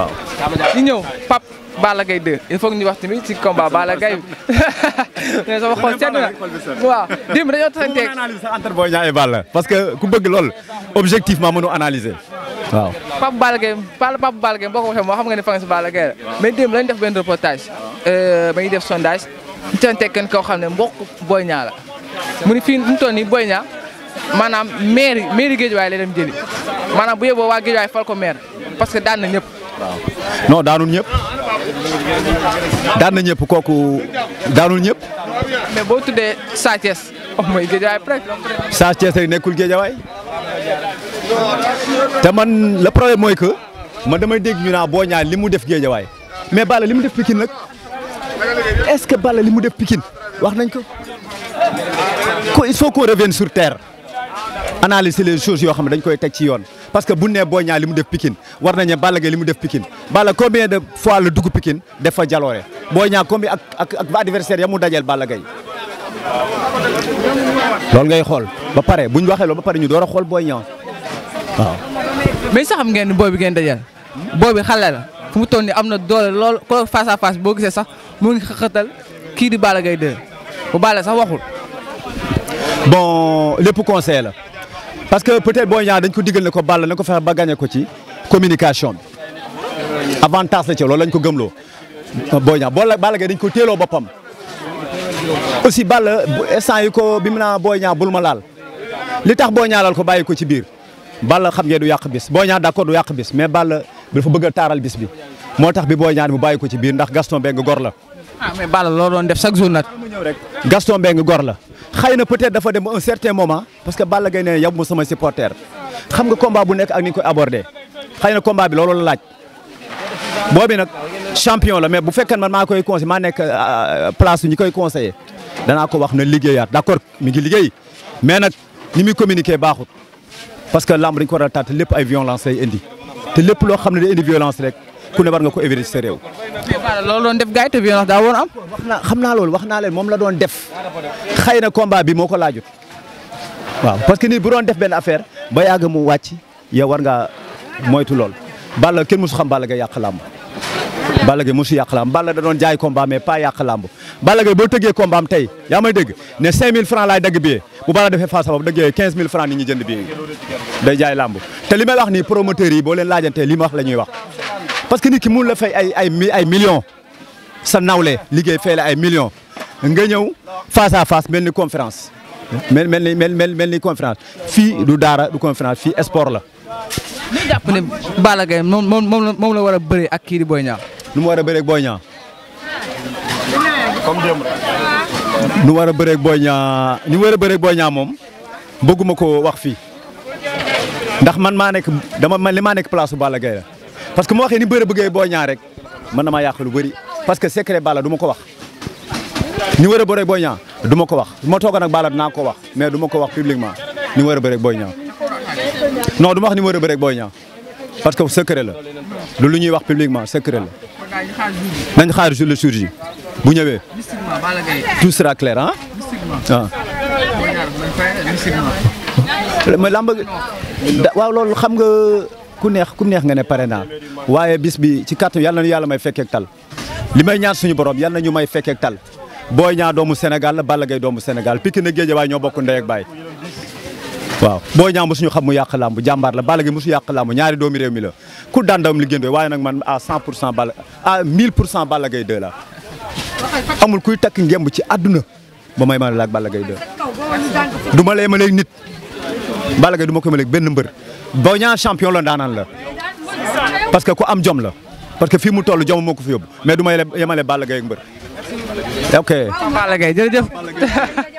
waaw ñu ñëw Pape Balla Gaye 2 il faut que ñu wax tamit ci combat ba Gaye bi sama xol sedd na waaw démb dañoo tasanteeg entre Boy Niang et parce que ku bëgg lool objectivement mënu analyser waaw Pape Balla Gaye Pape Balla Gaye boo ko moo xam nga ne fan si la mais démb lañ def benn reportage euh, ba def sondage ñu tasanteeg kenn koo xam ne mbokk Boy ñaa la mu ni fii mu toll Boy Niang maanaam maire maire Guédiawaye lay dem jëli maanaam bu yóbboo waa Guédiawaye fal ko maire parce que daan na ñëpp non daanul ñëpp daan na ñëpp kooku daanul ñëpp. mais boo tuddee Sa Thiès oh mooy géejawaay presque. Sa rek nekkul géejawaay te man la problème mooy que man damay dégg ñu naa boo ñaan li mu def géejawaay mais Balla li mu def Pikine nag est-ce que Balla li mu def Pikine wax nañ ko. ko il faut qu'on revienne sur terre analyser les choses yoo xam ne dañ koy teg ci yoon. parce que bu nee booy Niang li mu def Pikine war nañu Balla Gaye li mu def pikin Balla combien de fois la dugg Pikine def fa jaloore Boy Niang combien ak ak adversaire ya mu dajeel bala Gaye loolu ngay xool ba pare bu ñu waxee loolu ba pare ñu door a xool Boy Niang waaw. mais sax xam ngeen ni booy bi ngeen dajal booy bi xale la fu mu toll nii am na doole lool ko face à face boo gisee sax mu ngi xëxëtal kii di bala Gaye 2 bu Balla sax waxul. bon lépp conseil la. parce que peut-être Boy Niang dañ ko digal ne ko Balla na ko fexe ba gagné ko ci communication bi avantage la ci loolu lañ ko gëmloo Boy Niang boo la Balla dañ ko teeloo boppam. aussi Balla instant yi ko bi mu naa Boy Niang bul ma laal li tax Boy Niang laal ko bàyyi ko ci biir Balla xam ngeen du yàq bis Boy ñaar d'accord du yàq bis mais Balla dafa bëgg a taaral bis bi moo tax bi Boy Niang mu bàyyi ko ci biir ndax bee Mbengue gor la. ah mais Balla loo doon def chaque jour nag. mu ñëw Gaston Mbengue gor la xëy na peut-être dafa dem un certain moment parce que Balla Gaye ne yab ma sama supporter xam nga combat bu nekk ak ni ñu koy abordé xëy na combat bi looloo la laaj. boobi nag champion la mais bu fekkee man maa koy conseillé maa nekk euh, euh, place ñi koy conseillé danaa ko wax na liggéeyaat d'accord mi ngi liggéey mais nag ni muy communiquer baaxut parce que lamb dañu ko war a tàtt lépp ay violence lay indi te lépp loo xam ne day indi rek ku ne nga ko éviter sa réew. loolu doon def gars te bii daa woon am. wax naa xam naa loolu wax naa leen moom la doon def xëy na combat bi moo ko laajut waaw parce que nii bu doon def benn affaire ba yàgg mu wàcc yow war ngaa moytu lool Balla kenn musu xam Balla Gaye yàq làmb Balla Gaye musu yàq làmb Balla da doon jaay combat mais pas yàq làmb Balla Gaye boo tëggee combat am tey yaa ma dégg ne 5000 francs laay dagg billet bu Balla defee face boobu daggee 15000 francs nit ñi jënd billet day jaay làmb te li wax nii promoteurs yi boo leen laajantee li ma wax la ñuy wax. parce que nit ki mun la fay ay ay ay millions sa nawle liggéey fay la ay millions nga ñëw face à face mel ni conférence mel mel ni mel mel ni conférence fii du daara du conférence fii sport la. ñu jàpp ne Balla Gaye la war a bëree ak kiiri di Boy Niang. nu mu war a bëree ak Boy nu war a bëree ak Boy Niang ni mu a bëree ak moom bëgguma ko wax fii ndax man maa nekk dama man li maa nekk place su Balla parce que moo waxee ni bëre bëggee boo ñaa rek mën na maa yàq lu bëri parce que secret Balla du ko wax ni war a bëre boo ñaa du ko wax ma toogoon ak Balla dinaa ko wax mais duma ko wax publiquement ni war a bëre boo ñaa non du wax ni war a bëre boo parce que secret la lu lu ñuy wax publiquement secret la nañ xaar jour le jour ji bu ñëwee tout sera clair ah ku neex ku neex nga ne pare naa waaye bis bi ci kàttan yàlla na yàlla may fekkeek tal li may ñaan suñu borom yàlla na ñu may fekkeek tal Boy Niang doomu Sénégal la Balla gay doomu senegal Sénégal na ak Guédiawaye ñoo bokku ndey ak baay waaw Boy Niang mosuñu xam mu yàq làmb jàmbaar la Balla Gaye mosu yàq làmb ñaari doomi réew mi la ku daan doom liggéey waaye nag man à 100 pour cent Balla à 1000 pour cent Balla Gaye 2 la amul kuy takk ngemb ci àdduna ba may ma la ak Balla Gaye 2 du ma lay ma léeg nit Balla Gaye du koy ma léeg benn mbër boo Niang champion la ndaanaan la parce que ku am jom la parce que fii mu toll jom moo ko fi yóbbu mais du ma yemale Balla Gaye ak mbër ok. Balla Gaye jërëjëf.